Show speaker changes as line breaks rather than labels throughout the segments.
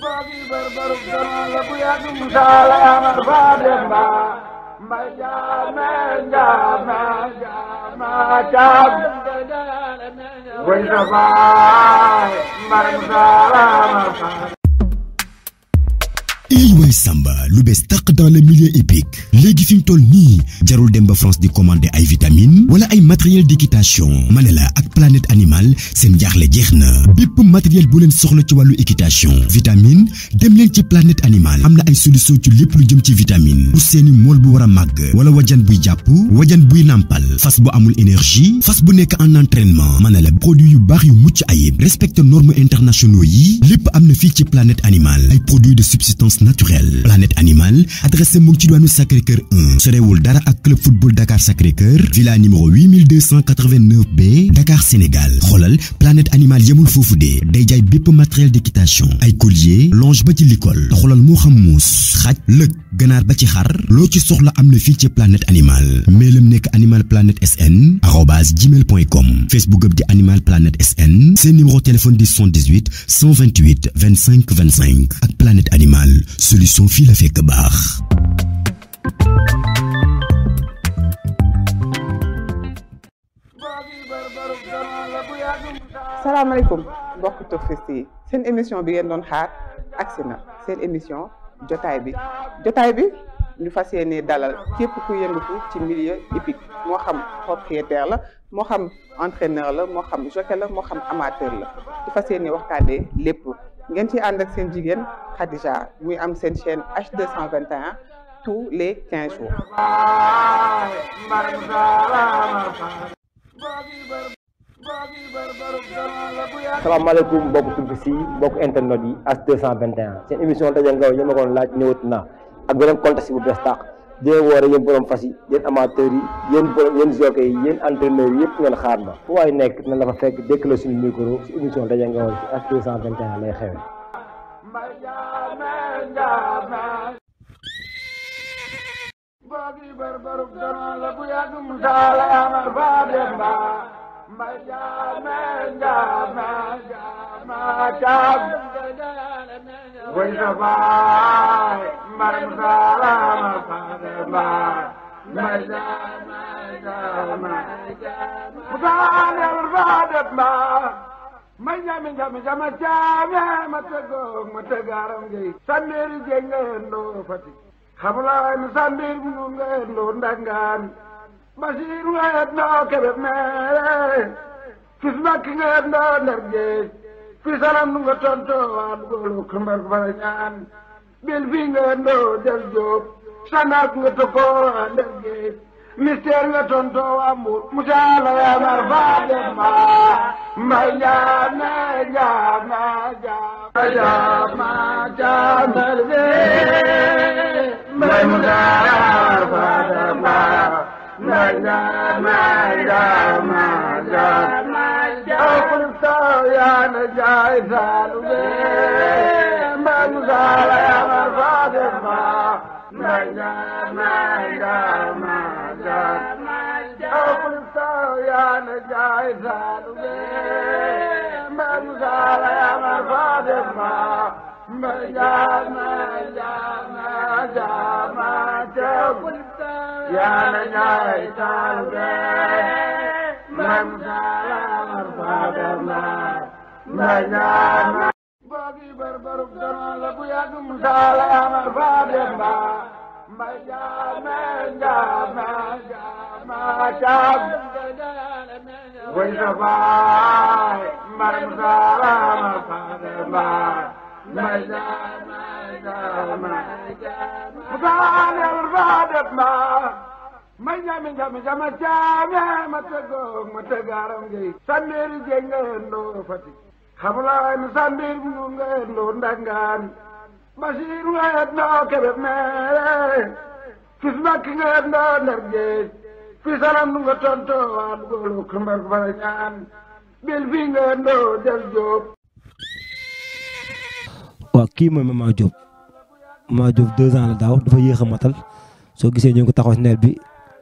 boogi barbaru dama la bu yàgg musaala amar ba dem ma jaame jaame jaama jaam musaala amar ba
Samba lu dans le milieu épique légui fiñ mu toll France di commander ay vitamines wala ay matériel d'équitation Manela à planète animale c'est jaxlé le dierna. Bipum matériel bu len soxla ci walu équitation vitamine dem len ci planète animale amna ay solution ci lepp lu jëm ci vitamine pour seeni mol bu wara mag wajan buy japp wajan buy nampal. fas bu amul énergie fas bu qu'un en entraînement Manela produit yu bax yu respecte normes internationaux yi lepp am fi planète animale ay produits de substance naturelle Planète Animal adresse mu ngi ci Sacré Cœur 1 sorewul dara ak club football Dakar Sacré Cœur villa numéro 8289 B Dakar Sénégal xoolal Planète Animal yemul foofu de day jaay bépp matériel d'équitation ay collier longe ba ci l'école te xoolal moo xam muus xaj lëg ganaar ba ci xar loo ci soxla am na ci Planète Animal mail nekk Animal Planète sn arobase Facebook ab di Animal Planète sn seen numéro téléphone di 78 128 25 25 ak Planète Animal solution son fil avec Bar.
Salam alaikum,
de festivités. C'est une émission bien non hard, accéna. C'est une émission de Taibi. De nous faisons des dalal. Qui est pour vous milieu épique? Moi, je suis propriétaire, je suis entraîneur, je suis joueur, je suis amateur. Nous faisons des dalal, les pour. ngeen ci ànd ak seen jigéen Khadija muy am seen chaîne H221 tous les quinze jours
salaamaaleykum mbokk tugg si mbokk internet yi H221 seen émission daje ngaw yéma koon laaj ñëwat na ak beneen contexte bu bees tàq dia woore yéen borom fas yi ñen amateur yi ñen borom ñen jockey yi ñen entraîneur yi yëpp ngeen xaar ma fu way nekk na la fa fekk dekk la suñu micro ci émission daje nga woon ci ak 221 lay xewe
والجبار مرمزارة مرحبا مجا مجا مجا مجا الرادب ما manja manja manja majame matago matagaram gay sandir jengendo fati khabla en sandir ngendo ndangan basir wet no kebe mere kismak ngendo nergay Krishna मर भाॼ बिल قلتا يا نجاي ثالوبي ما مزال يا مرفاد ما ما جاء
ما جاء
ما جاء قلتا يا نجاي ثالوبي ما مزال يا مرفاد ما ما جاء ما جاء ما جاء ما جاء قلتا يا نجاي ثالوبي man saala faatama
ma ñaana
boogi barbaruk dana la bu yàggum saala amar faatama ma jaama jaama jaama jaam way safaay maram saala amar faatama ma jaama jaama jaama jaama amar faatama ma njame njame njama caame ma tëggoog ma tëggaaram sandeeri jeeg nga yendoo Fatick xamulaay ma sandeer bu nga yendoo ndangaan Basiir nga yendoo Kébé meere fis mbàkk nga yendoo Ndar géej fi salam du nga tontoo waa dugoolu këmbar bara ñaan bil fii nga yendoo Jal Jóob
waaw kii mooy Mama Diop Mama Diop deux ans la daaw dafa yéex a soo gisee ñu ngi ko taxaw bi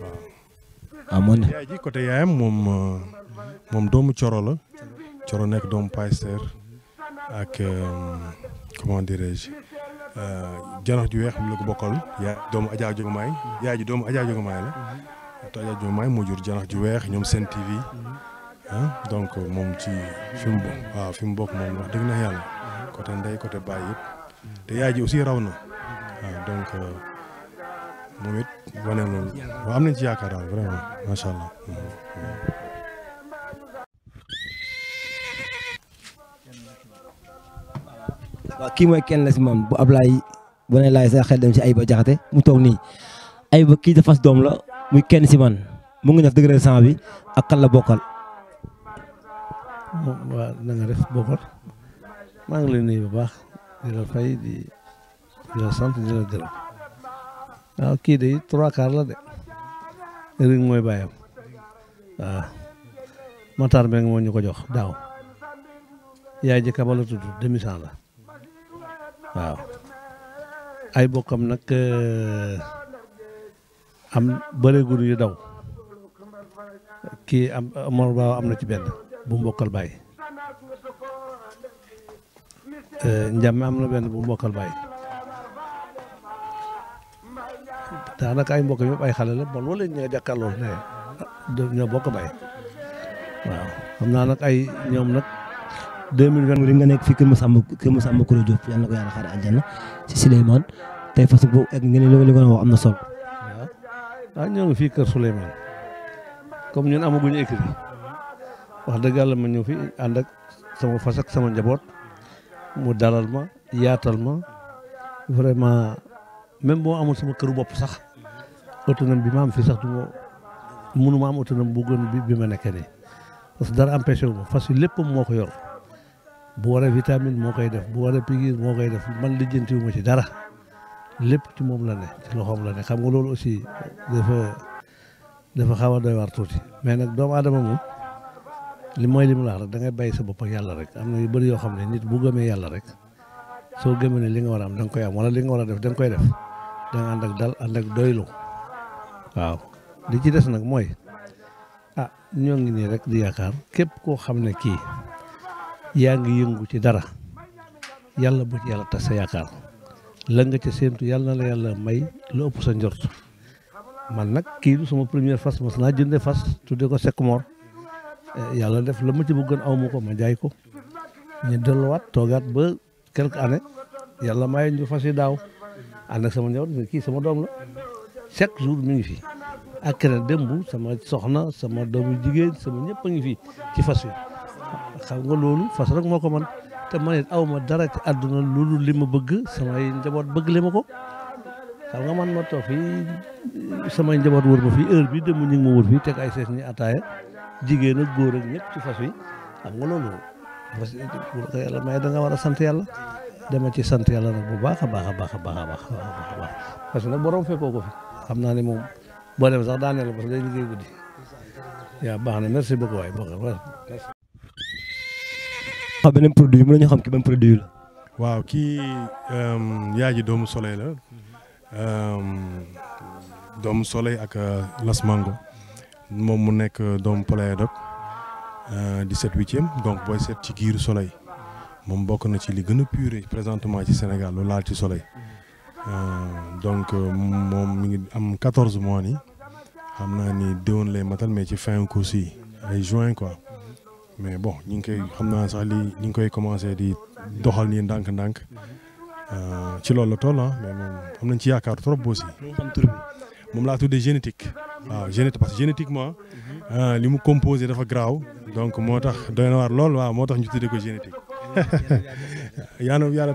waaw ah, moo ne yaay ji côté yaayam moom euh, moom doomu Coro la Coro nekk doomu Payster ak euh, comment dirais-je euh, janax ju weex bi la ko bokkal yaa doomu Adja Jogomaay yaay ji doomu Adja Jogomaay la te Adja Jogomaay moo jur janax ju weex ñoom seen TV ah donc moom ci fi mu bokk waaw fi mu bokk moom wax dëgg na yàlla côté ndey côté baay yëpp te yaay ji aussi raw na waaw donc moom it wane ci yaakaar daal vraiment
kii mooy kenn la si man bu Ablaye bu ne laay sa xel dem si Ayiba Jaxate mu toog nii Ayiba kii dafa fas doom la muy kenn si man mu ngi def degré sang bi ak kan la bokkal.
waaw na bokkal maa ngi lay nuyu bu baax di la fay di la sant di la gërëm. kii de trois quarts la de ring mooy bàyyam waaw Matar Mbengue moo ñu ko jox daaw yaay ji Kaba la tudd demi-cent la ay bokkam nag euh, am bëreeguñu yu daw kii am Mor Baaw am na ci benn bu mbokkal bàyyi euh, Ndiame am na benn bu mbokkal bàyyi daanaka ay mbokk yëpp ay khalala la bon wala ñoo jàkkaarloo ne ñoo bokk bay waaw xam naa nag ay ñoom nag 2020 li nga
nekk fi Kër Masamba Kër Masamba Kouré Diop yàlla na ko yàlla xaare àjjana ci Souleymane tey fas bu ak ngeen eh, li li nga wax am na solo waaw
ah ñoo ngi fii Kër Souleymane comme ñun amaguñu écrit wax dëgg yàlla ma ñëw fi ak sama fas ak sama njaboot mu dalal ma yaatal ma vraiment même amul sama sax autonome bi ma am fii sax du ma mënu ma am bu gën bi bi ma nekkee nii parce que dara empêché wu ma fas yi lépp moo ko yor bu waree vitamine moo koy def bu waree piqûre moo koy def man lijjanti wu ma ci dara lépp ti moom la ne ci loxoom la ne xam nga loolu aussi dafa dafa xaw a doy waar tuuti mais nag doomu aadama moom li mooy li mu laax rek da ngay bàyyi sa bopp yàlla rek am na yu bëri yoo xam ne nit bu gëmee yàlla rek soo gëmee ne li nga war a am da nga koy am wala li nga def da koy def da ak dal ànd ak doylu Wow, di ci des nag mooy ah ñoo ngi nii rek di yaakaar képp koo xam ne kii yaa ngi yëngu ci dara yàlla bu ci yàlla tas sa yaakaar la nga ca séentu yàlla na la yàlla may lu ëpp sa njort man nag kii du sama première fas mas naa jënde fas tudde ko Sekmor eh, yàlla def la ma ci bëggoon aw ma ko ma jaay ko ñu delluwaat toogaat ba quelques années yàlla maye ñu fas yi daaw ànd ak sama njaboot kii sama doom la chaque jour mi ngi fi ak keroog démb sama soxna sama doomu jigéen sama ñëpp a ngi fi ci fas wi xam nga loolu fas rek moo ko man te man it ma dara ci àdduna loolu li ma bëgg samay njaboot bëgg li ma ko xam nga man ma toog fi samay njaboot wër ma fii heure bi démb ñu ngi ma wër fii teg ay sees ni ataaya jigéen ak góor ak ñëpp ci fas wi xam nga loolu fas ko da nga war a sant yàlla ma ci sant yàlla nag bu baax a baax a baax a baax a baax parce que nag borom fekkoo ko fi xam naa ne moom boo dem sax daaneel la parce que day liggéey guddi yaa baax merci beaucoup way bokk
xam beneen produit mën nañu xam ki benn produit la.
waaw ki euh yaaji doomu soleil la euh doomu soleil ak euh, Las Mango mom mu nekk doomu Pléiades euh, di sept huitième donc boy seet ci giru soleil mom bokk na ci li gëna a présentement ci Sénégal lu la ci soleil. Euh, donc euh, mom 14 mois ni xamna naa ni déwoon lay matal mais ci fin ay juin quoi mais bon ñu ngi koy sax li ngi commencé di doxal là, ndank ci génétique. génétique parce que génétiquement. Mhm. Euh, composé dafa donc na ñu ko génétique. yaa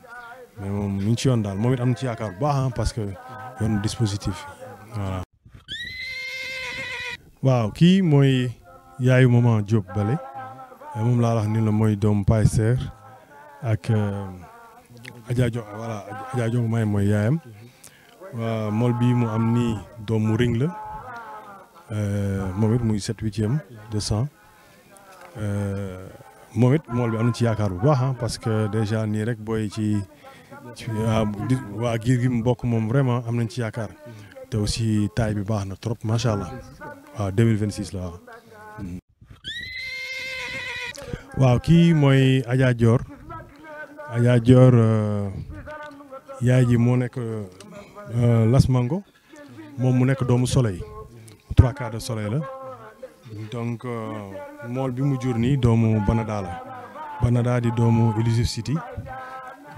moom mi ngi ci daal moom it am na bu baax ah, parce que yoon waaw kii mooy yaayu maman Diop moom laa wax mooy doom Paye Serre ak euh, mooy yaayam mool bii mu am nii ring la euh, moom it muy sept huitième euh, moom it mool bi am na ci yaakaar bu baax ah, parce que déjà nii rek booy ci. Ah, waa giir gi mu bokk moom vraiment am nañ ci yaakaar te aussi taay bi baax na trop macha allah waaw 2026 la waaw. kii mooy Adja Dior Adja euh, yaay ji moo nekk euh, Las Mango moom mu nekk doomu soleil trois quarts de soleil la donc euh, mool bi mu jur nii doomu Banada la Banada di doomu Elusive City.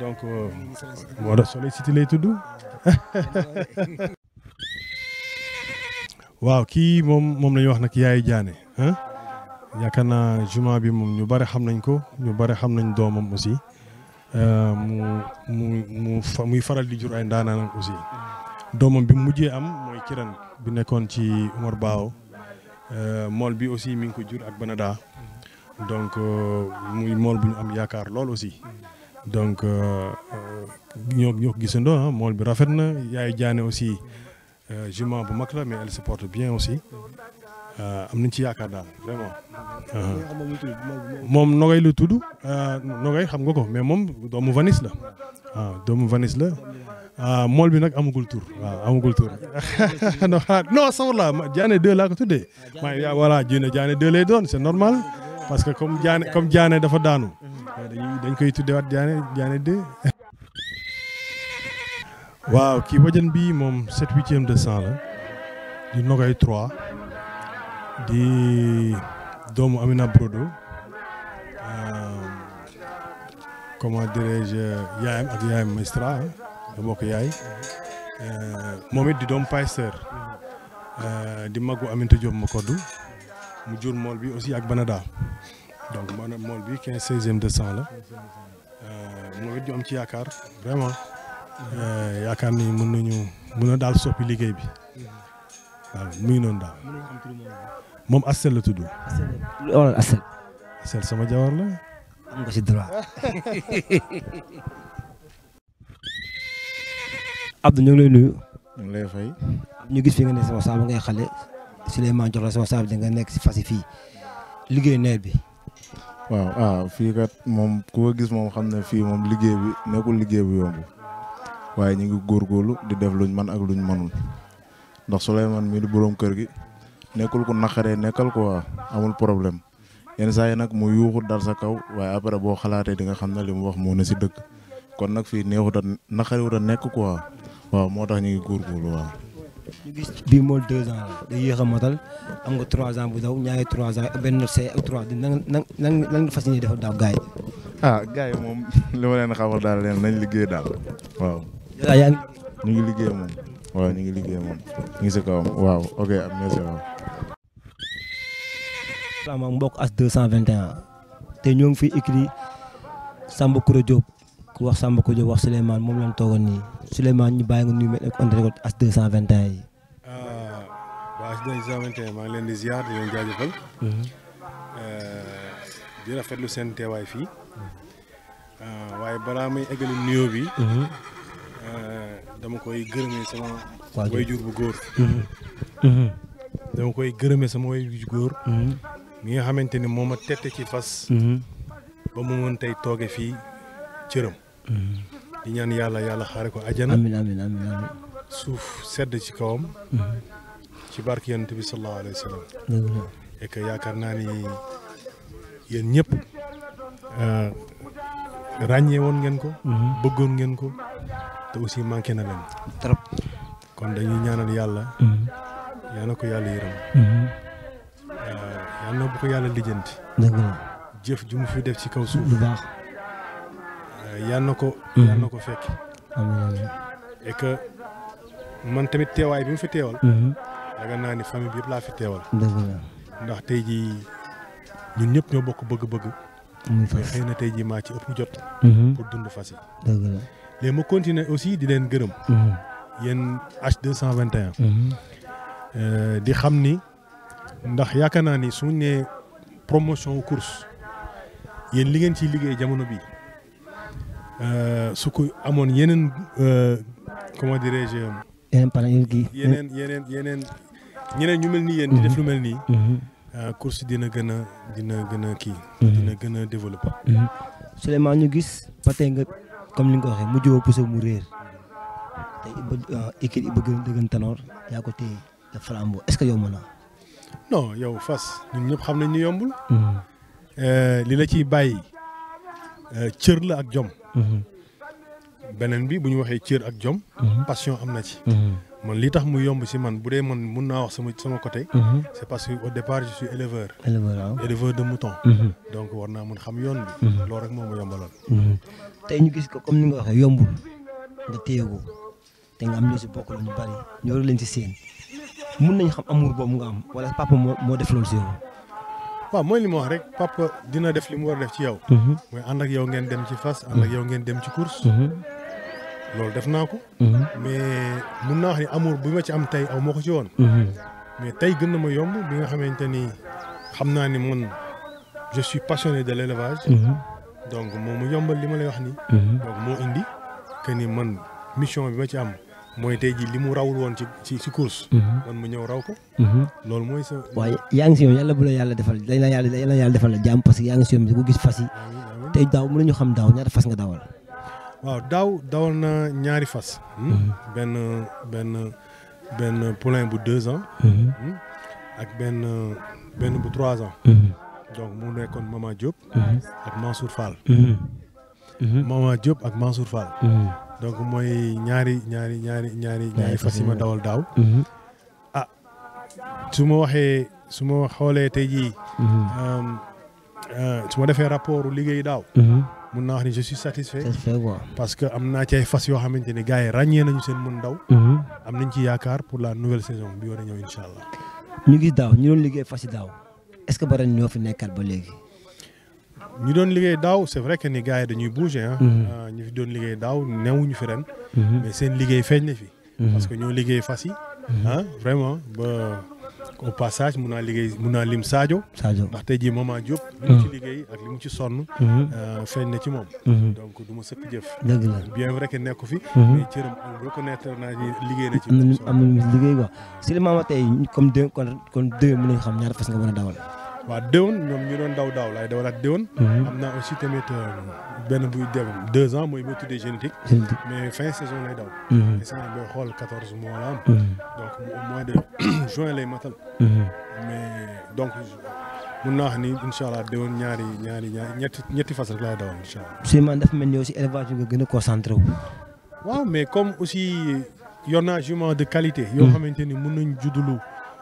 donc moo euh, tax Soleil City lay tudd waaw kii moom moom la wax na Yaya Diané ah yaakaar naa jument bi moom ñu bari xam nañ ko ñu bari xam nañ doomam aussi euh, mu mu mu muy faral di jur ay ndaanaan aussi doomam bi mu mujjee am mooy kiran bi nekkoon ci Umar Bao euh, mool bi aussi mi ngi ko jur ak banadaa donc muy mool bu ñu am yaakaar lool aussi. donc euh, euh, ñoo ñoo Gisendo, gisandoo ah mool bi rafetna na yaay aussi, aussi euh, jument bu makla mais elle se porte bien aussi am nañ ci yakar daal vraiment. mom Nogay lu euh Nogay xam nga ko mais moom doomu Vanis la waaw doomu Vanis la. ah mol ah, bi nak amagul tour waaw amagul tur ah, non non sawar jane deux la ko tuddee. Ah, mais voilà jine jane deux lay doon c'est normal parce que comme jane comme jane dafa daanu. Wow, qui koy tuddewaat Diané Diané 2. waaw de la di Nogay 3 Amina Brodo euh, comment dirais-je yaayam ak Mestra, Maestra yaay du euh, di euh, aussi avec Banada donc mon mon bi quinze seizième de sang la euh mo ci vraiment euh, yakar ni mën nañu bi waaw muy non mom la sama jawar la.
am nga ci droit. Abdou ñu ngi lay nuyu. ñu lay fay. ñu gis fi nga ne sama saabu ngay xalé jox la sama nga nekk si fas bi.
waaw ah fii kat moom ku ko gis moom xam ne fii moom liggéey bi nekkul liggéey bi yomb waaye ñu ngi góorlu di def luñ man ak luñ manul ndax Souleymane mii di boroom kër gi nekkul ku naqaree nekkal quoi amul problème yenn saa yi nag mu yuuxu dal sa kaw waaye après boo xalaatee di nga xam ne li mu wax moo ne si dëkk kon nag fii neexut a naqariwut a nekk quoi
waaw moo tax ñu ngi góorgóorlu waaw.
ñu gis bii mool deux ans la yéex a matal am nga trois ans bu daw ñaari trois ans benn C ak trois di nan nan nan nga fas yéene defal daaw gars yi.
ah gars yi moom li ma leen xamal daal leen nañ liggéey daal waaw. yàlla yaa ngi. ñu ngi liggéey moom waaw ñu ngi liggéey moom ñu ngi si kawam waaw ok am merci waaw.
mbokk as 221 te ñoo ngi fi écrit Samba Kura wax Samba Kodio wax Souleymane moom lañ toogoon nii Souleymane ñu bàyyi nga nuyu ak Ondré ko as 221 yi.
Ah, waaw as 221 maa ngi leen di ziar di leen jaajëfal. Eh, di eh, waaye balaa may eggali nuyoo bi. Eh, dama koy gërëmee sama. wayjur bu góor. dama koy gërëmee sama wayjur bu góor. mi nga xamante ni moo ma tette ci fas. Mm-hmm. ba mu mën tey tooge fii cëram. di ñaan yàlla yàlla xaare ko àjjana. amiin amiin suuf sedd ci kawam. Mhm. ci barke yonent bi sallallahu alayhi wa yaakaar naa ni yéen ñëpp euh, ràññee ngeen ko. Mhm. bëggoon ngeen ko te aussi manqué na leen. trop kon dañuy ñaanal yàlla. Mhm. yaa ko yàlla yërëm. Euh, yaa bu ko yàlla lijjanti. jëf ju fi def ci kaw suuf bu baax. Euh, Yannoko mm-hmm. Yannoko et que man tamit téway bi mu fi téwal mm-hmm. famille bi yëpp laa fi ndax ñun ñëpp ñoo bokk bëgg-bëgg. ci jot. Mm-hmm. pour dund fas yi. Les ma continuer aussi di leen H221. Euh, di xam ndax promotion course li ngeen liggéey Euh, su ko amoon yeneen euh, comment dirais-je.
yeneen parrainage gi yeneen
yeneen yeneen ñu mel ni yéen. di def lu mel nii. Mm-hmm. Mm-hmm. Euh, course dina gën a dina gën a kii. Mm-hmm. dina gën a développé.
Souleymane ñu gis ba tey nga comme li nga ko waxee mu jóo puso mu réer tey équipe yi bëgg dëggan tanoor yaa ko téye te flambeau est-ce que yomb naa.
non yow Fass ñun ñëpp xam nañ ñu yombul. li la ci bàyyi cër la ak jom. beneen bi bu ñu waxee cër ak jom. Mhm. passion am na ci. Mhm. man li tax mu yomb si man bu dee man mun naa wax sama sama côté. Mhm. c' que au départ je éleveur. éleveur waaw éleveur de mouton. donc war naa mun xam yoon loolu rek moo ma yombaloon. tey ñu gis ko comme ni nga waxee yombul nga téye ko
te nga am lu si bokk lu ñu bari ñoo leen si seen mun nañ xam amul boobu nga am wala papa moo moo def loolu si
waaw mooy li ma rek papa dina def li mu war def ci yow. moy mhm. ànd ak yow ngeen dem ci fas ànd ak mhm. yow ngeen dem ci course. Mhm. lolou def nako mais mun na wax ni amour bi ma ci am tay aw moko ci won mais tay gën na ma yomb bi nga xamanteni xamna ni mon je suis passionné de l'élevage donc moo mu yombal li ma lay wax ni donc mo indi que ni man mission bi ma ci am. mooy tey jii li mu rawul woon ci ci ci course. man mhm. mu ñëw raw ko. Mhm. loolu mooy sa.
waaye yaa ngi si yoon yàlla bu la yàlla defal dañ la yàlla dañ la yàlla defal la jàmm parce que yaa ngi si yoon bi ku gis fas yi. tey daaw mën nañu xam daaw ñaata fas nga dawal.
waaw daaw dawal na ñaari fas. Hmm? Mhm. benn benn benn bu deux ans. Hmm? ak benn benn bu trois ans. donc mu nekkoon Mama Diop. ak Mansour Fall. Mama Diop ak Mansour Fall. donc mooy ñaari ñaari ñaari ñaari ñaari fas yi ma dawal daaw. Mm-hmm. ah su ma waxee su ma xoolee tey jii. Mm-hmm. Um, euh, su ma defee rapport liggéey daaw. Mm-hmm. mun naa wax ni je suis satisfait. parce que am naa ci ay fas yoo xamante ni gars yi ràññee nañu seen mun daw. am nañ ci yaakaar pour la nouvelle saison bi war a ñëw incha allah. ñu gis daaw ñu doon liggéey fas yi daaw est-ce que ba ren ñoo fi nekkaat ba léegi. ñu doon liggéey daaw c'est vrai que ni gars yi dañuy bouger hein mhm. euh, ñu fi doon liggéey daaw newuñu fi ren. Mhm. mais seen liggéey feeñ na fi. Mhm. parce que ñoo liggéey fas yi. ah vraiment ba au passage mun naa liggéey mun naa lim Sadio. Sadio ndax tey jii Maman Diop. li mu ci liggéey ak li mu ci sonn. Euh, feeñ na ci moom. donc du ma sëkk jëf. dëgg la bien vrai que nekku fi. mais cëram reconnaître naa ni liggéey na ci. am na am na
liggéey quoi si li maama tey comme deux kon kon deux mën nañu xam ñaar fas nga mën a dawal
waaw déwén ñoom ñu daw daw mhm. aussi euh, deux ans a génétique. mais fin saison lay daw. il mhm. 14 mois mhm. donc au mois de juin les matal. mais donc mun ñaari ñaari ñaari
Il là aussi élevage bi nga a concentré
mais comme aussi euh, a jument de qualité.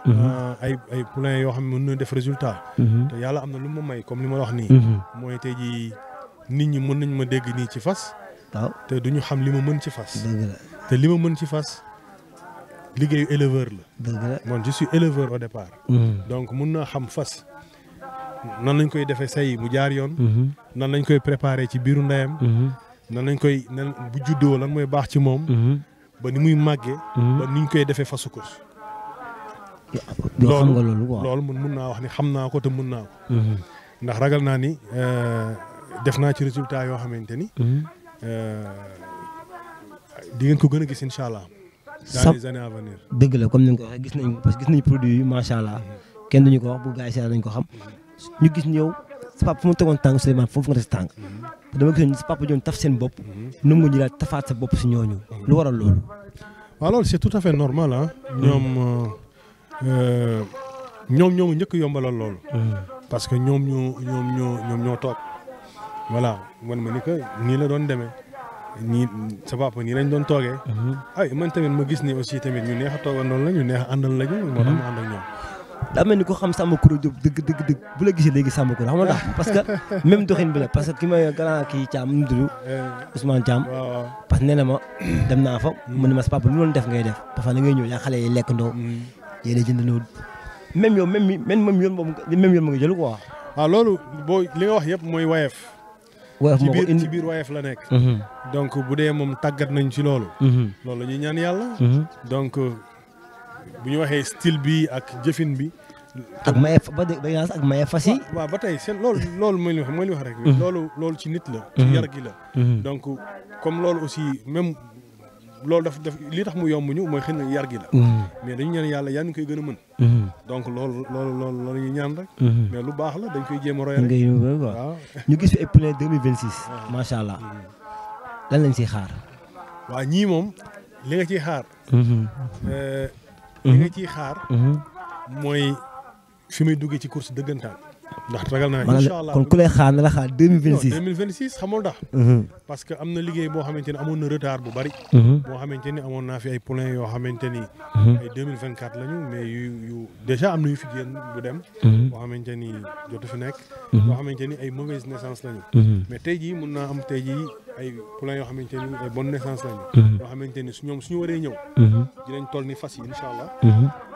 Mhm. Euh, ay ay poulain yoo xam ne mën na def résultat. Mhm. te yàlla am na lu ma may comme li ma wax nii. Mhm. mooy tey jii nit ñi mën nañ ma dégg nii ci fas. waaw te du ñu xam li ma mën ci fas. te li ma mën ci fas liggéeyu éleveur la. man je suis éleveur au départ. donc mun naa xam fas. nan lañ koy defee say mu jaar yoon. nan lañ koy préparer ci biiru ndeyam. nan lañ koy nan bu juddoo lan mooy baax ci moom. ba ni muy màggee. ba ni ñu koy defee fasu course. loolu loolu mun mun naa wax ni xam naa ko te mun naa ko. Mhm. ndax ragal naa ni euh, def naa ci résultat yoo xamante ni. Mhm. Euh, di ngeen ko gën a gis incha allah. dans les années à venir. dëgg la comme ni nga ko gis nañ
parce que gis nañ produit yi macha allah kenn duñu ko wax bu gars yi si dañ ko xam. ñu gis ni yow sa papa fu mu tegoon foofu nga des tànk. Mhm. dama gis ne sa papa doon taf seen bopp. nu mu ngi jëlaat tafaat sa bopp si ñooñu. lu waral loolu.
waaw loolu c'est tout à fait normal ñoom. Euh, Euh, ñoom ñoo ma njëkk yombalal loolu. parce que ñoom ñoo ñoom ñoo ñoom ñoo toog. voilà man ma ni que nii la doon demee nii sa papa nii lañ doon toogee. Mhm. ay man tamit ma gis ni aussi tamit ñu neex a toogandoon la ñu neex a àndal la ñu. moo tax ma ànd ak ñoom. daa mel ni
ko xam Samba Koura Diop dëgg dëgg dëgg bu la gisee léegi Samba Koura xam nga parce que même doxin bi la parce que ki ma grand kii Thiam mu tudd eh. Ousmane Thiam. parce que nee na ma dem naa fa. Mm. mu ne ma sa papa lu doon def ngay def dafa la ngay ñëw yaa xale yi lekkandoo. Mm. yéen a jëndandoo même yow même
même même yoon boobu même yoon ma nga jël quoi. waaw ah, loolu boo li nga wax yëpp mooy wayef. ci biir wayef la nekk. Mhm. donc bu dee moom taggat nañ ci loolu. Mhm. loolu la ñuy ñaan yàlla. Mhm. donc euh, bu ñu waxee style bi ak jëfin bi. ak mayef ba dégg ak mayef fas yi. waaw ba tey seen loolu loolu mooy li wax mooy li wax rek. loolu loolu ci nit la. ci yar la. donc comme loolu aussi même. loolu daf daf li tax mu yomb ñu mooy xëy yar gi la. Mm. mais dañu ñaan yàlla yaa ngi koy gën a mën. Mm-hmm. donc loolu loolu loolu loolu ñu ñaan rek. Mm-hmm. mais lu baax la dañ koy jéem a roy rek.
ñu gis fi ay plein 2026. allah mm-hmm. lan lañ ciy xaar.
waa ñii moom li nga ciy xaar. Euh, li nga ciy xaar. mooy fi may duggee ci course dëggantaan. ndax ragal naa incha allah kon ku lay xaar na la xaar deux mille vingt six deux mille vingt six xamul ndax. parce que am na liggéey boo xamante ni amoon na retard bu bari. boo xamante ni amoon naa fi ay poulain yoo xamante ni. ay deux mille vingt quatre lañu mais yu yu déjà am na yu fi génn bu dem. boo xamante ni jotu fi nekk. boo xamante ni ay mauvaise naissance lañu. mais tey jii mun naa am tey jii ay poulain yoo xamante ni ay bonne naissance lañu. yoo xamante ni su ñoom su ñu waree ñëw. dinañ toll ni fas yi incha allah.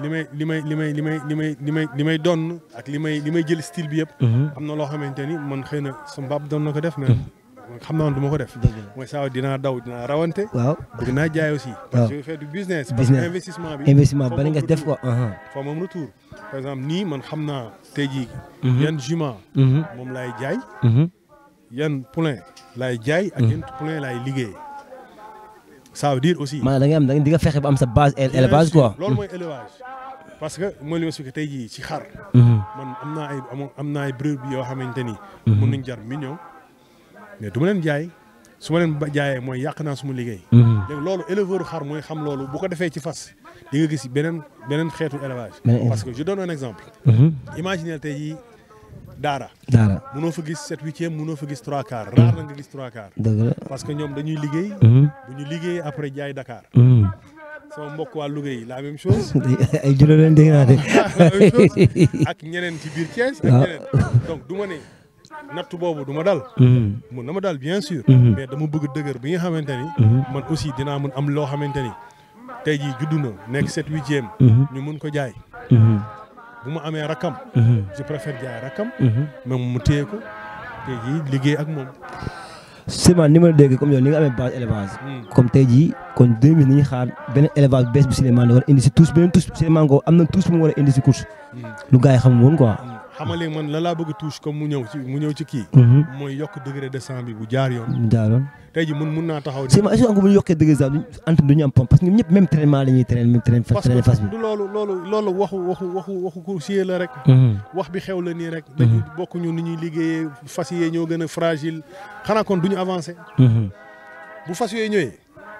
limay may li may li may li ak limay limay jël style bi yépp mhm. amna lo xamanteni man xeyna na bab don nako def. mais mhm. xamna naa du ma ko def. mooy saa dinaa daw dina rawante. waaw bëgg naa jaay aussi. parce que fait du business. parce que investissement bi investissement bala nga def ko. Uh-huh. foo mom retour par exemple ni man xamna naa tey jii. Mhm. yan jument. moom laay jaay. yan poulain lay jaay. ak yan poulain lay liggéey.
ça veut dire aussi. maanaam da ngay fexe ba am sa base élevage quoi. loolu mooy
élevage parce que mooy li ma expliqué tey jii ci xar. Mhm. man am naa ay am naa ay brebis ni. Mhm. mën nañ jar million mais du ma leen jaay su ma leen ba jaayee mooy yàq naa suma liggéey. Mhm. léegi loolu éleveur xar mooy xam loolu bu ko defee ci fas di nga gis beneen beneen xeetu élevage. parce que je donne un exemple. imaginez tey jii daara daara mënoo fa gis sept huitième mënoo fa gis trois quarts raar na nga gis trois quarts parce que ñoom dañuy liggéey bu mhm. ñu liggéey après jaay Dakar mhm. sama mbokk waa Louga la même chose ay jula leen dégg de ak ñeneen ci biir Thiès ah. donc du ma ne natt boobu duma ma dal mhm. mun na ma dal bien sûr mais dama bëgg dëgër bi nga xamante ni man aussi dinaa mun am loo xamante ni tey jii juddu na nekk sept huitième ñu mun ko jaay bu ma amee rakam. Mhm. je préfère jaay rakam. moom mu téye ko tey jii liggéey ak moom.
Souleymane ni ma la déggee comme yow ni nga amee base
élevage. Hmm.
comme tey jii kon 2000 nañu xaar benn élevage bees bu Souleymane la war a indi si tous beneen tous Souleymane ko am na tous bu mu war a indi si course hmm. lu gars yi xamul woon
xam man la bëgg a touche comme mu ñëw ci mu ñëw ci kii. Mhm. mooy yokk degré de sang bi bu jaar yoon. jaaroon ji mun mun naa taxaw. si ma
est ce ñu yokkee degré de sang entre du am pompe parce ñëpp même traitement la ñuy traité fas
bi. loolu loolu waxu waxu waxu waxu la rek. Mhm. wax bi xew la nii rek. Mhm. bokk ñu ni ñuy liggéeyee fas yee ñoo gën a fragile xanaa kon du ñu bu fas yooyu ñëwee.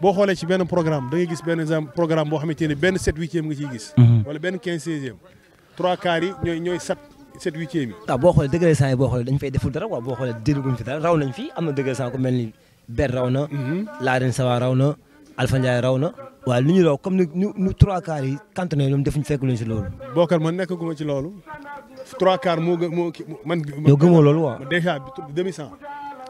boo xoolee ci benn programme da ngay gis benn exemple programme boo xamante ne benn sept huitième nga ciy gis. wala benn quinze seizième. trois quarts yi ñooy ñooy sat sept huitième yi. waaw boo xoolee degré cent yi boo dañ fay deful dara waaw boo xoolee fi
dara raw nañ fi am na degré cent ku mel ni Ber raw na. Laareen Sawa raw na Alpha Ndiaye raw na. waaw li ñu raw comme ñu ñu trois quarts yi cantonné ñoom defuñu fekk luñ si loolu.
bokkal man nekkaguma ci loolu. trois quarts moo gë man. yow gëmoo loolu waaw. déjà demi cent.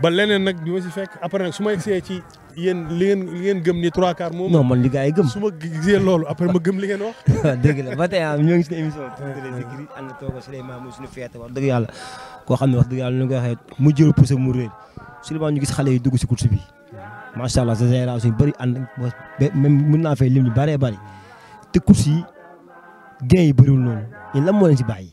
ba leneen nag bi si fekk après nag su ma egsee ci yéen li ngeen gëm ni trois quarts moom. non man
li gars yi gëm. su ma gisee loolu après ma gëm li ngeen wax. dëgg la ba tey ah, ñoo ngi suñu émission Tontu les Écrits yàlla koo xam ne wax dëgg yàlla lu ñu koy waxee mu jël pousse mu réer Souleymane ñu gis xale yi dugg si course bi macha allah sa génération yu bëri ànd même mën naa fay lim ñu bëree bëri te course yi gain yi bëriwul noonu lan moo leen si bàyyi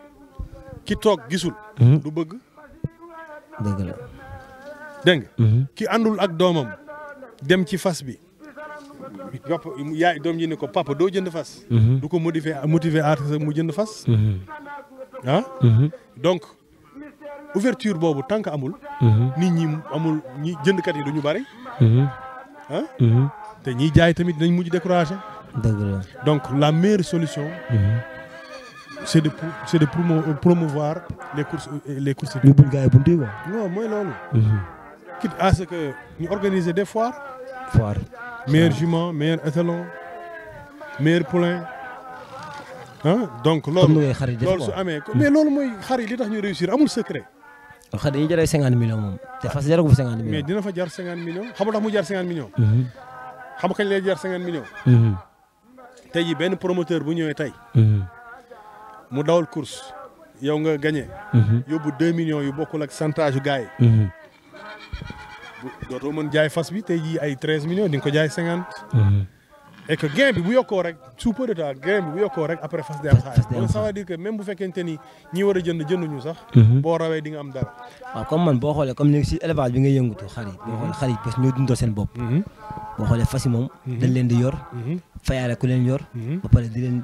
ki tok gisul. Mhm. du bëgg.
deug la. Mhm.
ki andul ak domam dem ci fas bi. yop yaay dom ne ko papa jënd fas. Mhm. du ko motiver motiver artiste mu jënd fas. ah. donc ouverture bobu tank amul. nit ñi amul ñi kat yi duñu bari. ah. te jaay tamit dañ donc la meilleure solution c'est de c'est de euh, promouvoir les courses euh, les courses. ñu bul gars yi quoi. non mooy mhm. quitte à ce que ñu organiser des foires. foires. meilleur jument meilleur étalon meilleur poulain. hein donc loolu loolu mais loolu mooy xar yi li tax ñu réussir amul secret.
xar dañuy jaray 50 millions mom te fa jaragu 50 millions. mais
dina fa jar 50 millions xam nga tax mu jar 50 millions. Mhm. xam nga kañ lay jar 50 millions. Mhm. tay yi ben promoteur bu ñëwee tey. mu dawal course yow nga gagné. Mhm. bu deux millions yu bokk ak santage yu gars yi. Mhm. dootoo jaay fas bi tey jii ay treize millions di nga ko jaay cinquante. Mhm. et que gain bi bu yokkoo rek sous peu de temps gain bi bu yokkoo rek après fas day am xaalis. loolu ça veut dire que même bu fekkente ni ñi war a jënd jënduñu sax. boo rawee di nga am dara. waaw comme man boo xoolee comme léegi si élevage bi
nga yëngatu xar yi. boo xoolee xar yi parce que ñoo dundal seen fas yi moom. dañ leen di yor. fayaare ku yor. ba pare di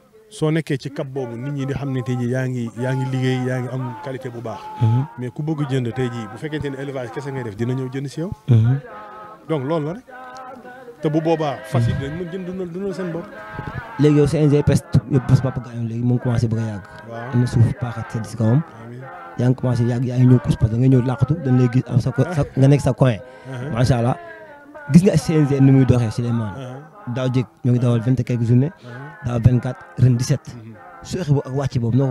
soo nekkee ci cap boobu nit ñi di xam ne tey jii yaa ngi yaa ngi liggéey yaa ngi am qualité bu baax. Mhm. mais ku bëgg jënd tey jii bu fekkente ne élevage kese ngay def dina ñëw jënd si yow. Mhm. loolu la te bu boobaa fas yi dinañ mën jënd dundal dundal seen bopp.
léegi yow CNG pes pes papa gaañoon léegi sa dis yaa ngi commencé yaa ngi ñëw kus que nga ñëw làqatu dañ lay gis am sa sa nga nekk sa coin. Uh-huh. macha allah gis nga CNG ni muy doxee Souleymane. Uh-huh. daaw jéeg ñoo ngi dawal vingt et quelques journée uh-huh. daaw 24 ren 17. Mhm. su waxee boobu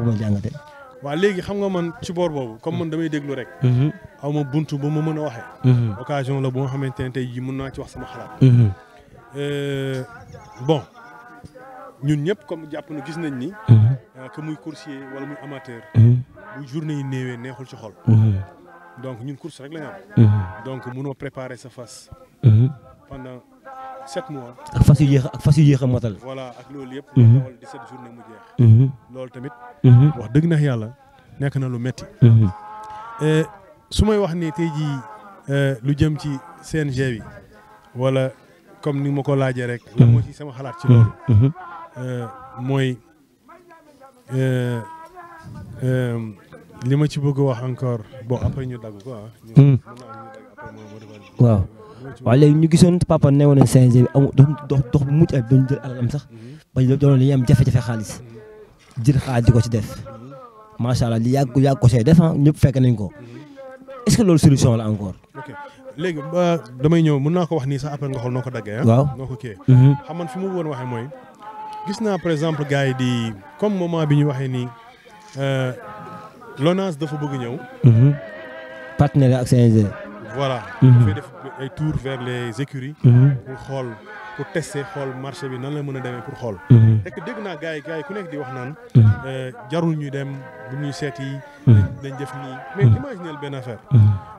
waaw léegi xam nga man ci boor boobu comme man damay déglu rek. Mhm. aw ma buntu ba ma mën a waxee. Mhm. occasion la bu nga xamante ne tey jii mën naa ci wax sama xalaat. Euh, bon ñëpp comme jàpp na gis nañ ni. Euh, que muy coursier wala muy amateur. bu yi néewee neexul ci xol. donc ñun course rek la ñu donc mënoo préparer sa fas. sept mois ak fas yu yéex ak fas yu yéex a matal. voilà ak loolu yëpp. Mhm. dawal di sept journée mu jeex. Mhm. loolu tamit. Mhm. wax dëgg na yàlla nekk na lu metti eh, su may wax ni tey jii eh, lu jëm ci CNG bi wala comme ni ma ko laajee rek. la moo ci sama xalaat ci loolu. Eh, mooy li ma ci bëgg wax encore bon après ñu dagg quoi. Ah. waaw. waaw léegi
ñu gisoon papa newoon na CNG bi amul dox dox bu mucc ay ba ñu jël alalam di ko ci def macha allah li yàgg ko see def ah ñëpp fekk
nañ ko est-ce la encore. ok léegi euh, damay ñëw mën naa ko wax nii sax après nga noo ko daggee. Ah? waaw noo ko kiiyee. Mhm. xam man fi mu woon waxee mooy gis naa par exemple gars yi di comme moment bi ñu waxee nii euh, LONASE dafa bëgg ñëw.
Mhm. partenaire ak CNG. voilà. Mhm. on fait
des tours vers les écuries. Mhm. pour xool pour tester xool marché bi nan la mën démé demee pour xool. Mhm. fekk dégg na gars yi gars yi ku nek di wax nan euh jarul ñu dem bu ñuy seeti. dañ def ni mais imaginez ben affaire.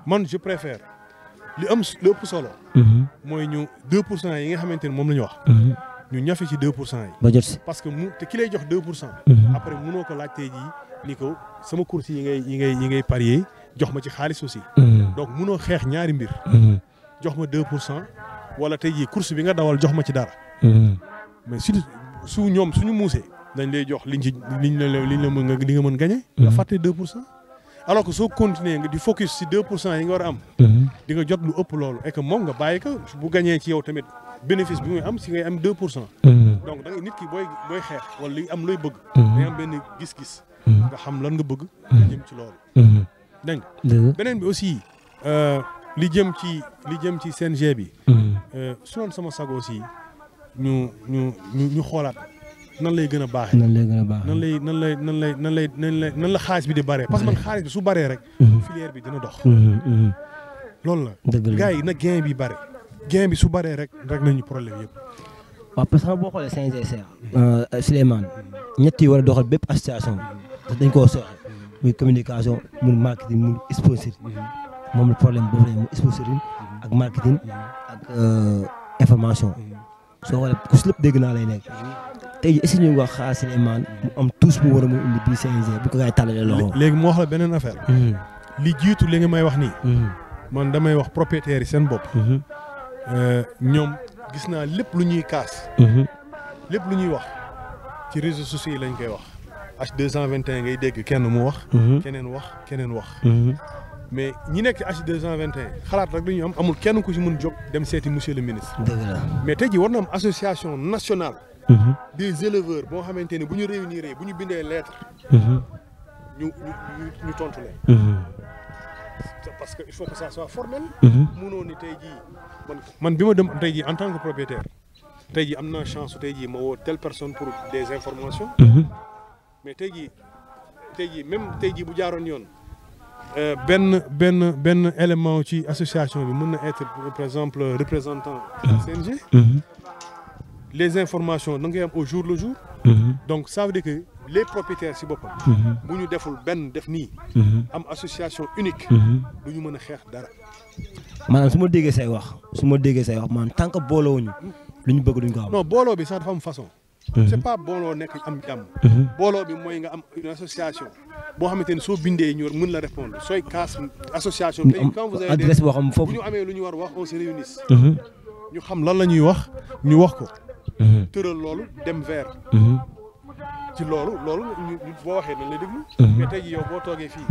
man je préfère li am le ëpp solo. mooy ñu 2 yi nga xamante mom lañu wax. ñu ñafe ci 2 yi. parce que mu te ki lay jox 2 pour après mëno ko laaj tay ji ni ko sama course yi ngay yi ngay yi ngay parier jox ma ci xaalis aussi. donc munoo xeex ñaari mbir. Mm-hmm. jox ma 2 pour cent wala tey jii course bi nga dawal jox ma ci dara. Mm-hmm. mais su su ñoom suñu muusee dañ lay jox liñ ci liñ la liñ la mën nga li nga mën gagné. Mm-hmm. nga fàtte 2 pour cent alors que soo continuer nga di focus si 2 pour cent yi nga war am. di nga jot lu ëpp loolu et que moom nga bàyyi ko bu gagné ci yow tamit bénéfice bi muy am si ngay am 2 pour cent. donc da nit ki booy booy xeex wala li am looy bëgg. day am benn gis-gis. nga xam lan nga bëgg. nga jëm ci loolu. dégg Euh, li jëm ci li jëm ci CNG bi. Mm-hmm. Euh, su doon sama sago aussi ñu ñu ñu xoolaat nan lay gën a baax
na lay gën a baaxee
nan lay nan lay nan lay nan lay nan lay nan la xaalis bi di bare. parce que man mm-hmm. xaalis bi su baree rek. Mm-hmm. filière bi dina dox. loolu la. dëgg la yi na gain bi bare. gain bi su baree rek rek nañu problème yëpp. waaw parce que boo xoolee CNG
euh, Souleymane ñett yi war a doxal bépp association dañ koo soxla muy communication muy marketing muy sponsor moom problème boobu la ñu sponsoring ak marketing ak euh, information soo xoolee ku si lépp dégg naa lay nekk tey est-ce que ñu wax
si Souleymane mu am tous mu war a mu indi bii CNG bu ko gaay tàllalee loxo. léegi moo wax la beneen affaire. Mm-hmm. li jiitu li nga may wax nii. Mm-hmm. man damay wax propriétaires yi seen bopp. Mm-hmm. Euh, ñoom gis naa lépp lu ñuy kaas. lépp lu ñuy wax ci réseaux sociaux yi lañ koy wax. H221 ngay dégg kenn mu wax. keneen wax keneen wax. mais ñi nek H221 xalat rek dañu am amul kenn ku ci mëne jog dem séti monsieur le ministre. mais tey jii war na am association nationale. Mhm. des éleveurs boo xamante ne bu ñu réunir bu ñu bindee lettre. Mhm. ñu ñu ñu tontu leen. Mhm. parce que il faut que ça soit formel. mënoo ni tey jii man man bi ma dem tey en tant que propriétaire tey jii am chance tey jii ma woo telle personne pour des informations. mais tey jii tey jii même tey jii bu jaaroon yoon ben ben élément association bi être par exemple représentant ah. CNG mhm. les informations donc au jour le jour mhm. donc ça veut dire que les propriétaires si vous voulez, deful mhm. association unique pour ñu mën dara
Madame, si je say wax tant que Bolo, nous ñu bëgg vous
non bolo, c'est sax façon Mhm. c'est pas booloo nekk am jàmm mhm. booloo bi mooy nga am une association boo xamante ni soo bindee ñu mën la répondre sooy casse association bi quand vous boo xam foofu ñu amee lu ñu war wax on se réunisse mhm. ñu xam lan la ñuy wax ñu wax ko tëral loolu dem ver ci loolu loolu ñu boo waxee nañ lay déglu mais tey yow boo toogee fii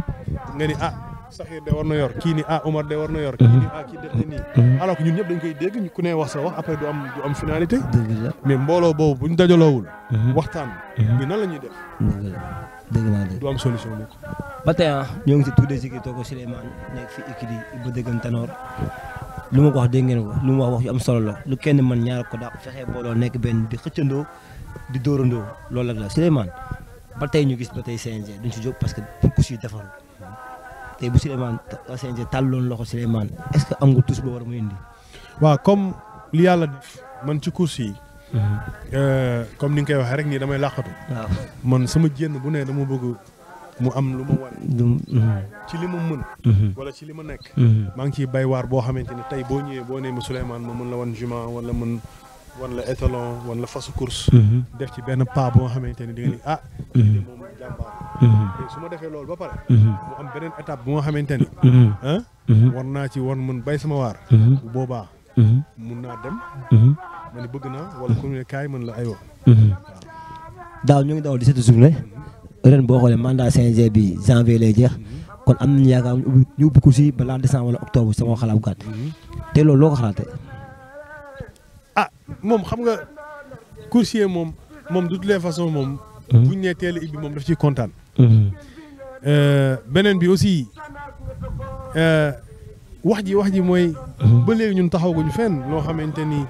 nga ni ah Saxiir de war na yor kii ni ah Omar de war na yor. kii ni ah kii def na nii. Mhm. Mhm. alors ñëpp dañ koy dégg ku ne wax sa wax après du am du am finalité. mais mbooloo boobu bu ñu dajaloowul. Mhm. waxtaan bi nan la ñuy def. dëgg naa du am solution bi. ba tey ah. ñoo ngi si tuddee si
kii Togo Souleymane nekk fi Ikidi Iba Dëggan lu mu ko wax dégg ngeen ko lu ma wax wax yu am solo la lu kenn man ñaar ko daa fexee booloo nekk benn di xëccandoo di dóorandoo loolu la la Souleymane ba tey ñu gis ba tey CNG duñ si jóg parce que pour si defaral.
tey bu Souleymane senje talon loxo Souleymane est-ce que am nga tous bo war mu indi. wa comme li yalla man ci course yi. Mhm. euh comme ni ngi koy waxee rek ni damay làqatu. man sama jenn bu ne dama bëgg mu am luma ma mhm. ci limu mën. Mhm. wala ci limu nek ma ngi ci bay war bo xamanteni tay bo ñewé bo né mu ma mo mën la won juma wala mën won la étalon wan la fasu course. def ci ben pa bo xamanteni di nga ni ah. mom jambar Mm-hmm. su ma defee loolu ba pare mm-hmm. mu am beneen étape bu nga xamante ni mm-hmm. ah war naa ci war mën bay sama waar bu boobaa mun naa dem ma ni bëgg naa wala ku ne kaay mën la ayoo
daaw ñu ngi dawal 17 journée ren boo xoolee mandat CNG bi janvier lay jeex kon am na yaakaar ñu ubbi ko si balaa décembre wala octobre sama xalaat bu gàtt te loolu loo ko xalaatee
ah moom xam nga coursier moom moom du toutes les moom buñ nee teel a ibbi moom daf ciy kontaan Euh, beneen bi aussi euh, wax ji wax ji mooy. Mhm. ba léegi ñun taxawaguñu fenn loo xamante ni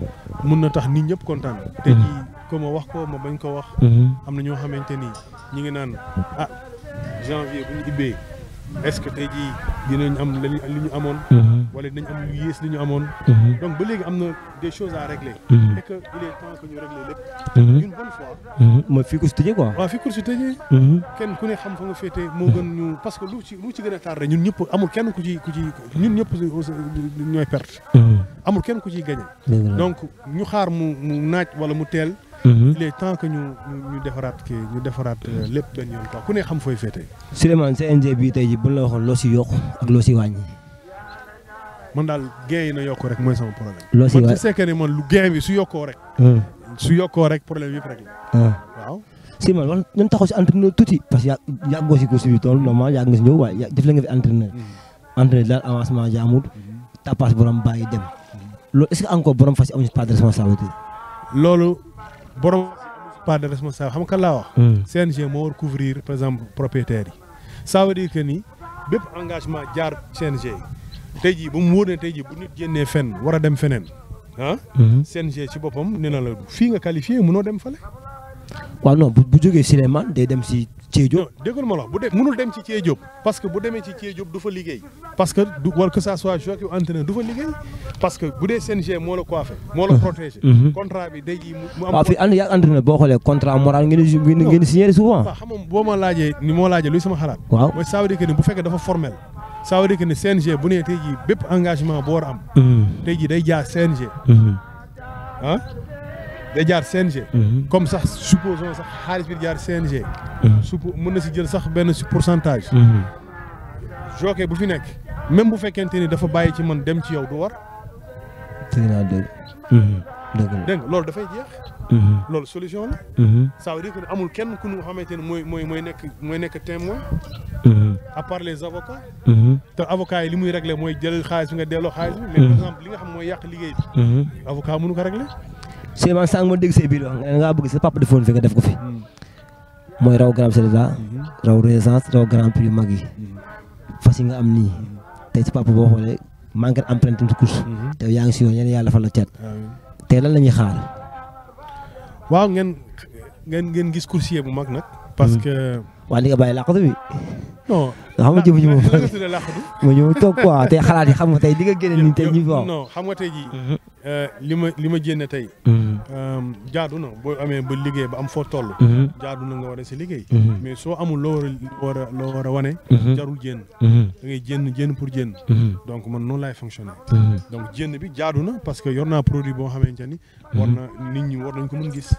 mun na tax nit ñëpp kontaan. Mhm. te ji ko ma wax ko ma bañ ko wax. Mhm. am na ñoo xamante ni ñu ngi naan ah janvier bu ñu ibbee est-ce que tey jii dinañ am li amoon. wala dinañ am lu yees li ñu amoon. Mhm. donc ba léegi am na des choses à régler. Mhm. et que il est temps que ñu régler lépp. Mhm. une bonne fois.
mooy fii ko si tëjee
quoi.
waaw fii ko si tëjee. kenn ku ne xam fa nga féetee moo gën ñu parce que lu ci lu ci gën a tardé ñun ñëpp amul kenn ku ci ku ci ñun ñëpp ñooy perte. amul kenn ku ci gagné. donc ñu xaar mu mu naaj wala mu teel. il est temps que ñu ñu defaraat kii ñu defaraat euh, lépp benn yoon quoi ku ne xam fooy féetee.
Souleymane CNG bii tey ji bu la waxoon loo si yokk ak loo si wàññi.
man daal gain yi na yokk rek mooy sama problème. loo si man su fekkee ne man lu gain bi su yokkoo rek. Hmm. su yokkoo rek problème yëpp rek hmm. waaw. si
man man nañu taxaw si entraîneur tuuti. parce ya yaa yàggoo si course bi tool normal yàgg nga si ñëw def la nga fi entraîneur. Hmm. entraîneur avancement tapas borom bàyyi dem. loolu est ce que encore borom fas yi amuñu part de responsabilité.
loolu borom part de responsabilité xam nga kan laa wax. CNG moo war couvrir par exemple propriétaire ça veut dire que ni engagement jaar CNG. tey jii ba mu wóor ne tey jii bu nit génnee fenn war a dem feneen ah. Mhm. CNG ci boppam ne na la fii nga qualifié mënoo dem fale.
waaw non bu bu jógee Souleymane day dem si
Thié Diop déggul ma la bu dem mënul dem ci Thié Diop parce que bu demee ci Thié Diop du fa liggéey parce que du wala que ça soit joueur ou entraîneur du fa liggéey parce que bu dee CNG moo la coiffé moo la mm-hmm. protégé mm-hmm. contrat bi day ji mu am
boo xoolee contrat moral ngeen ngeen signé souvent waaw
xam nga boo ma laajee ni moo laajee luy sama xalaat waaw mooy ni bu fekkee dafa formel ça veut dire que ni CNG bu nee tey jii bépp engagement boo war a am mm-hmm. tey jii day jaar CNG ah day jaar CNG. Mhm. comme sax supposons sax xaalis bi jaar CNG. Mhm. mën na si jël sax benn pourcentage. Mhm. jockey bu fi nekk même bu fekkente ni dafa bàyyi ci man dem ci yow du war.
dëgg naa dëgg. dëgg
loolu dafay jeex. loolu solution la. ça veut dire que amul kenn ku ñu xamante ne mooy mooy mooy nekk mooy nekk témoin. à part les avocats. te avocat yi li muy réglé mooy jël xaalis bi nga delloo xaalis bi. mais par exemple li nga xam mooy yàq liggéey bi. avocat mënu ko régler
sëñ ma sànq ma dégg say biir wax nga ngaa bëgg sa papa defoon fi nga def ko fi hmm. mooy raw grand Sénégal hmm. raw renaissance raw grand prix mag yi hmm. fas yi nga am nii te sa papa boo xoolee manqué empreinte de course te yaa ngi si yoon yéen yàlla fa la cat
lan la ñuy xaar waaw ngeen ngeen ngeen gis coursier bu mag nag parce que waa li nga bàyyi làqatu bi non xam nga jëfuñu ah, moom
ma ñëw toog quoi tey xalaat yi xam nga tey di nga génne tey
mhm. euh, li ma li ma génne tey mhm. euh, jaadu na boo amee ba liggéey ba am foo toll mhm. jaadu na nga war a si liggéey mais soo amul loo war a loo war a wane jarul génn da ngay génn génn pour génn donc man noonu laay fonctionné donc génn bi jaadu na parce que yor na produit boo xamante ni war na nit ñi war nañ ko mën gis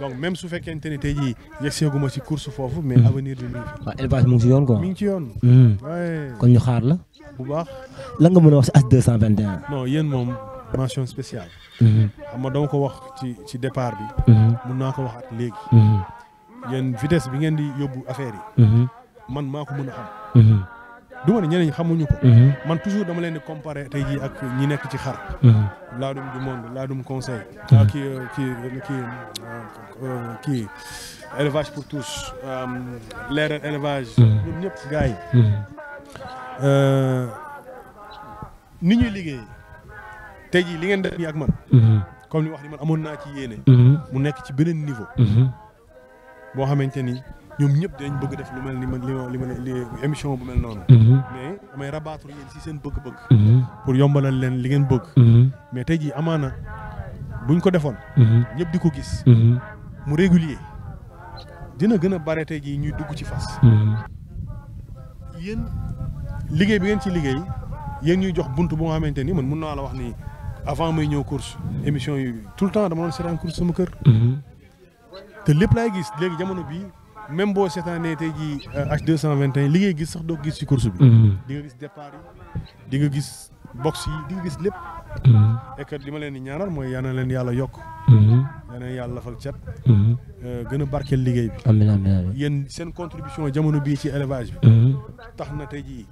donc même su fekkente ni tey jii yegseeguma si course foofu mais avenir bi mu ngi quoi. mi ngi ci yoon. Hmm. kon ñu xaar la. bu baax
la nga mën a wax si as 221.
non yéen moom mention spéciale. Hmm. xam nga dama ko wax ci ci départ bi. Hmm. mun naa ko waxaat léegi. yéen vitesse bi ngeen di yóbbu affaire yi. man maa ko mën a xam. du ma ne ñeneen ñi xamuñu ko. Mhm. man toujours dama leen di comparer tey jii ak ñi nekk ci xar. Mhm. laadum du monde laadum conseil. Mhm. ah kii euh, kii euh, kii euh, kii élevage pour tous. leeral élevage. ñun ñëpp gars yi. ni ñuy liggéey tey jii li ngeen def nii ak man. comme ni wax ni man amoon naa ci yéene. mu nekk ci beneen niveau. boo xamante ni. ñoom ñëpp dañ bëgg def lu mel ni man li ma li émission bu mel noonu. Mhm. mais damay rabattre yéen si seen bëgg-bëgg. Mhm. pour yombalal leen li ngeen bëgg. Mhm. mais tey jii amaana buñ ko defoon. ñëpp di ko gis. mu régulier dina gën a bare tey ji ñuy dugg ci fas. yéen liggéey bi ngeen ci liggéey yéen ñuy jox bunt bu nga xamante ni man mun naa la wax ni avant may ñëw course émission yi tout le temps dama doon seetaan course sama kër. te lépp laay gis léegi jamono bii. même boo seetaanee tey jii H221 euh, li ngay gis sax doo gis ci course bi. Mm-hmm. di nga gis départ yi di nga gis box yi di nga gis lépp. Mm-hmm. et que ma leen di ñaanal mooy yal na leen yàlla yokk. Mm-hmm. yal na leen yàlla lafal cat. Euh, gën a barkeel liggéey bi. amiin yéen seen contribution jamono bii ci élevage bi. tax na tey jii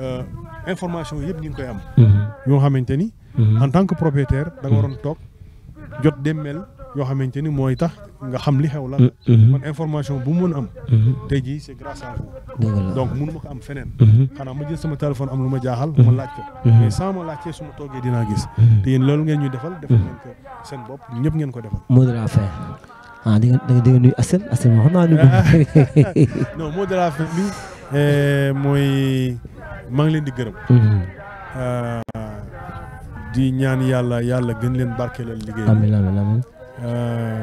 euh, information yëpp ñu koy am. yoo xamante ni. en tant que propriétaire da nga waroon toog jot demmel yoo xamante ni mooy tax nga xam li xew la man mm-hmm. mm-hmm. information bu mu mën am mm-hmm. tey jii c'est grâce à vous donc mënu ko am feneen xanaa ma jël sama téléphone am lu ma jaaxal ma laaj ko ma laajtee su ma toogee dinaa gis te yéen loolu ngeen ñu defal defal ngeen ko seen bopp ñëpp ngeen ko defal mot de la fin
ah di nga di nga nuyu xam naa nu
non mot eh, mooy maa ngi leen di gërëm euh, di ñaan yàlla yàlla gën leen barkeelal liggéey amiin Euh,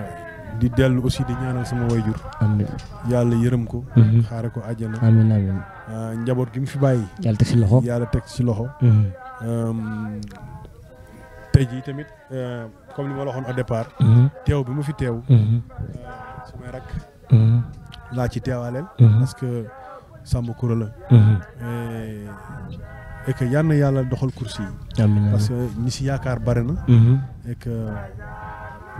di dellu aussi di ñaanal sama wayjur amiin yàlla yërëm ko mm-hmm. xaare ko àjjana amiin amiin euh, njaboot gi mu fi bàyyi yàlla teg ci loxo yàlla teg ci loxo mm-hmm. euh, tey jii tamit comme li ma la waxoon départ mm-hmm. teew bi mu fi teew su may rak laa ci teewaaleel parce que sàmm kura la et na doxal kursi yi parce ñi si yaakaar bare na et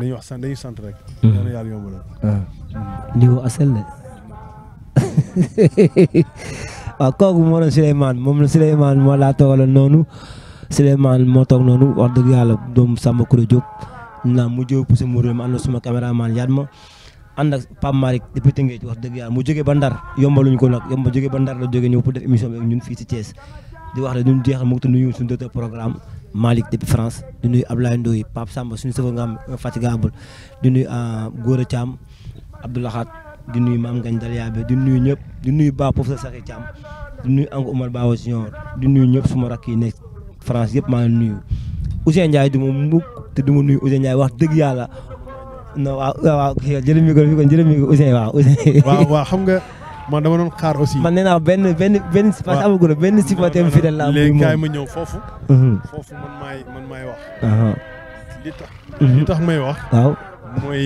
dañuy wax sant dañuy sant rek. Mm-hmm. yal na yàlla yombalal. diw ah.
asel la. waaw kooku moo doon Souleymane moom la Souleymane moo laa toogaloon noonu Souleymane moo toog noonu wax dëgg yàlla doomu Samba Kouré Diop naa mu jëw pousse mu réew mi ànd suma caméraman yaat ma ànd ak Pape Malick depuis Tëngéej wax dëgg yàlla mu jógee ba Ndar ko nag yomb jógee ba Ndar la jógee ñëw pour def émission bi ñun fii ci di wax rek ñun jeexal mu ngi tudd nuyu suñu programme Malick depuis France di nuyu Abdoulaye Ndoye Pape Samba suñu sëfa nga am fatigable di nuyu euh, Gora Thiam Abdoulahat di nuyu Maam Ngañ Daliabe di nuyu ñëpp di nuyu Ba Pof sa Saxi Thiam di nuyu Ango Omar Bawo Junior di ñëpp suma rakk yi nekk France yëpp maa ngi nuyu Ousseyn Ndiaye du ma mukk te du ma nuyu Ousseyn Ndiaye wax dëgg yàlla non waaw waaw jërëjëf mi ko jërëjëf mi ko Ousseyn waaw Ousseyn waaw waaw
xam nga man dama doon xaar aussi. man nee naa benn benn benn si parce que benn supporter fidèle la am. léegi kaay ma ñëw foofu. Mhm. foofu man maay man maay wax. li tax mhm. li tax may wax. waaw mooy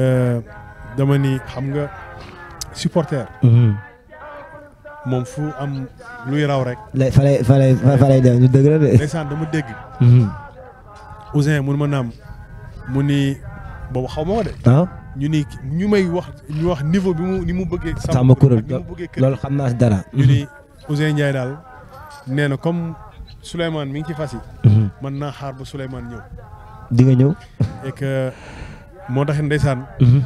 euh, dama ni xam nga supporter. Mhm. moom fu am luy raw rek. lay fa lay fa lay fa lay dem dëgg la de. ndeysaan dama dégg. Ousin mun ma naam mu boobu xaw ma ko de. Ah. ñu ni ñu may wax ñu wax niveau bi mu ni mu bëggee. Samba Kourel loolu xam naa dara. ñu ni Ousseyn Ndiaye daal nee na comme Souleymane mi ngi ci fas yi. man mhm. naa xaar ba Souleymane ñëw. di nga ñëw. et que moo tax ndeysaan. Mhm.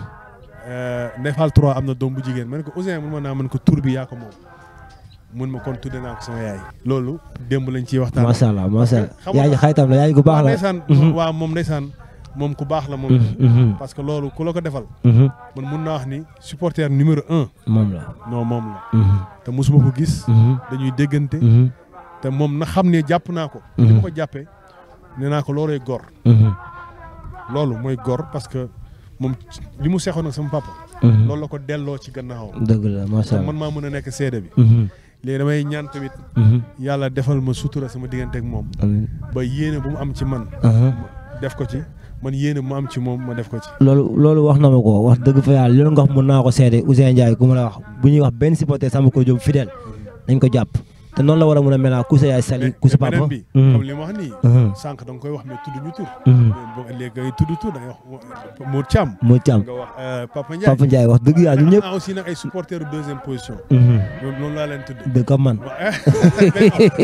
Euh, Ndefal 3 am na doom bu jigéen ma ne ko Ousseyn mun ma naa man ko tur bi yaa ko moom. mun ma kon tudde naa ko sama yaay. loolu dem lañ ciy waxtaan. macha allah xaytam la yaay gu baax la. ndeysaan mhm. waaw moom moom ku baax la moom mhm, mhm. parce que loolu ku la ko defal mhm. man mun naa wax ni supporter numéro un moom la non moom la ko gis dañuy déggante te moom na xam ne jàpp naa ko li ma ko jàppee nee naa ko looloy gor loolu mooy goor parce que moom li mu seexoon ak sama papa loolu la ko delloo ci gannaaw dëgg la macha allah man maa mën a nekk seede bi léegi damay ñaan tamit yàlla defal ma sutura sama diggante ak moom ba yéene bu mu am ci man def ko ci man yéene ma am ci moom ma def ko ci.
loolu wax na ma ko wax dëgg fa yàlla loolu nga wax naa ko seede Ousseyn Ndiaye ku la wax bu ñuy wax benn supporter Samba Kolo Diop fidèle dañ mm-hmm. ko jàpp. non la war a mën a mel yaay Sali Kousa papa. beneen bi mm-hmm. comme li ma wax nii. Mm-hmm.
sànq da koy wax mais tudd ñu tur. Mm-hmm. léegi ngay tudd tur da ngay wax Modou Thiam. mo cham nga wax euh, Papa ndjay Papa ndjay wax dëgg yàlla ñu ñëpp. am aussi nak ay supporters deuxième position. loolu noonu laa leen tudd. dëgg comme man.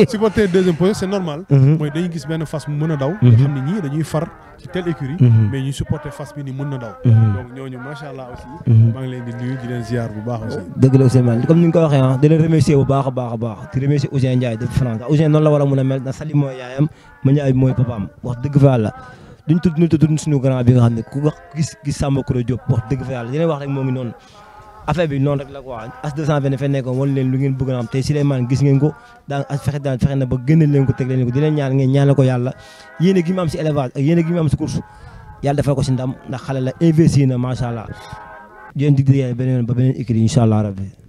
supporters deuxième position c'est normal. mooy dañuy gis ben face mu mën daw. nga ñi dañuy far ci telle écurie. mais ñuy supporter face bi ni mën daw. donc ñooñu macha allah aussi. maa ngi leen di nuyu di leen ziar bu baax aussi. dëgg la
aussi man comme ni nga ko waxee ah di leen remercier bu baax baax baax si Ouzin Ndiaye depuis France Ouzin noonu la war a mën a mel ndax Salim mooy yaayam ma Ndiaye mooy papaam wax dëgg fa yàlla duñ tudd ñu tudd suñu grand bi nga xam ne ku wax gis gis Samba Kura Diop wax dëgg fa yàlla yeneen wax rek moo ngi noonu affaire rek la quoi As221 fa nekkoon wan leen lu ngeen bëgg na am tey Souleymane gis ngeen ko daan fexe daan fexe na ba gënal leen ko teg leen ko di leen ñaan ngeen ñaanal ko yàlla yéene gi mu am si élevage ak yéene gi si course yàlla defal ko ndam ndax xale la investi na macha allah beneen ba beneen écrit incha allah rabbi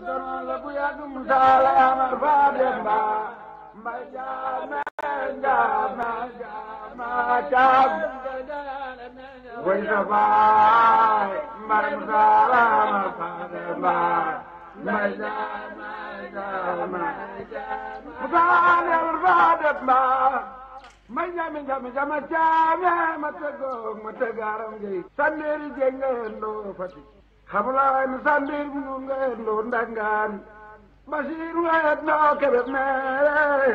doon la bu yàgg Moussa la Amar Ba Demba ma jaama jaama jaama jaam way na baay mbar Moussa la Amar Ba Demba ma jaama jaama Moussa la Amar Ba Demba ma jaama jaama jaama jaama ma tëggoo ma tëggaaram gi sa mairie jëngandoo Fatick xamulaan sandir bu nun ngayet lo ndangaan basiir ngayet ndoo kebet meere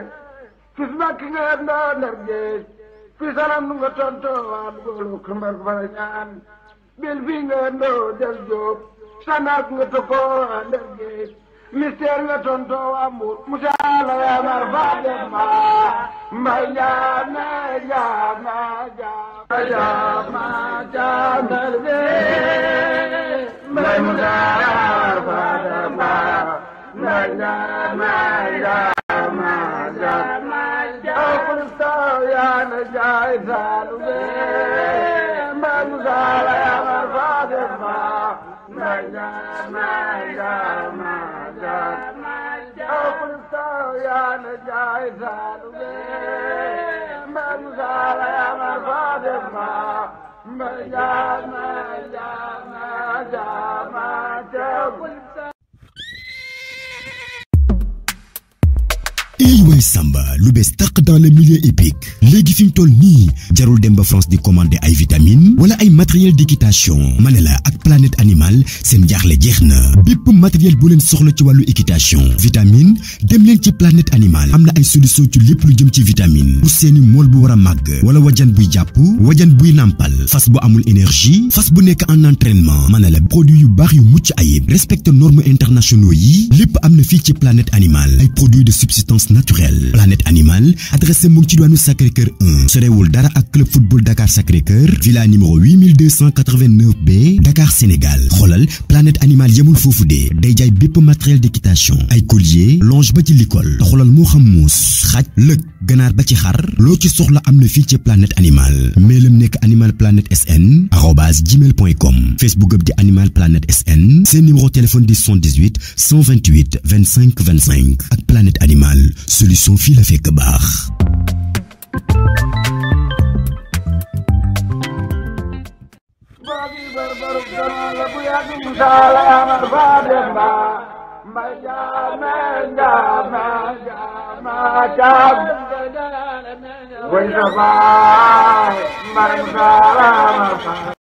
fis makki ngayet ndoo nder géej fi salam nu nga tonto waat goolu këmbar bara ñaan bil fii ngayet ndoo del joob sanaak nga tokkoo a nder géej mystère nga tonto waa mbuur musaala yaa mar faa dem maa mbay ñaan na jaam na jaam na jaam na jaam Bye. ما يا ما يا ما يا ما تقول
ey samba lu bees dans le milieu épique. les fi ñu toll jarul Demba France di commander ay vitamines voilà ay matériel d'équitation Manela ak planète animal seen jaaxle les na matériel bu leen soxla ci wàllu équitation vitamine dem leen planète animal Amna ay solution ci lépp lu jëm ci vitamine pour seeni mol bu war a wala wajan buy jàpp wajan buy nampal. fas bu amul énergie fas bu nek en entraînement Manela produit yu baax yu mucc ayib respecte normes internationaux yi lip am fi ci planète animal ay produits de subsistance naturel planète animal adressé mu Sacré Cœur 1 sorewul dara ak club football Dakar Sacré Cœur villa numéro 8289 B Dakar Sénégal Holal planète animal yemul foofu de day matériel d'équitation ay collier longe ba ci licol te xoolal moo xam muus xaj lëg ganaar ba ci xar ci soxla am na ci planète animal mailam nek animal planète sn arobase facebook ab di animal planète sn c'est numéro téléphone di 78 128 25 25 ak planète animal solution fils avec
le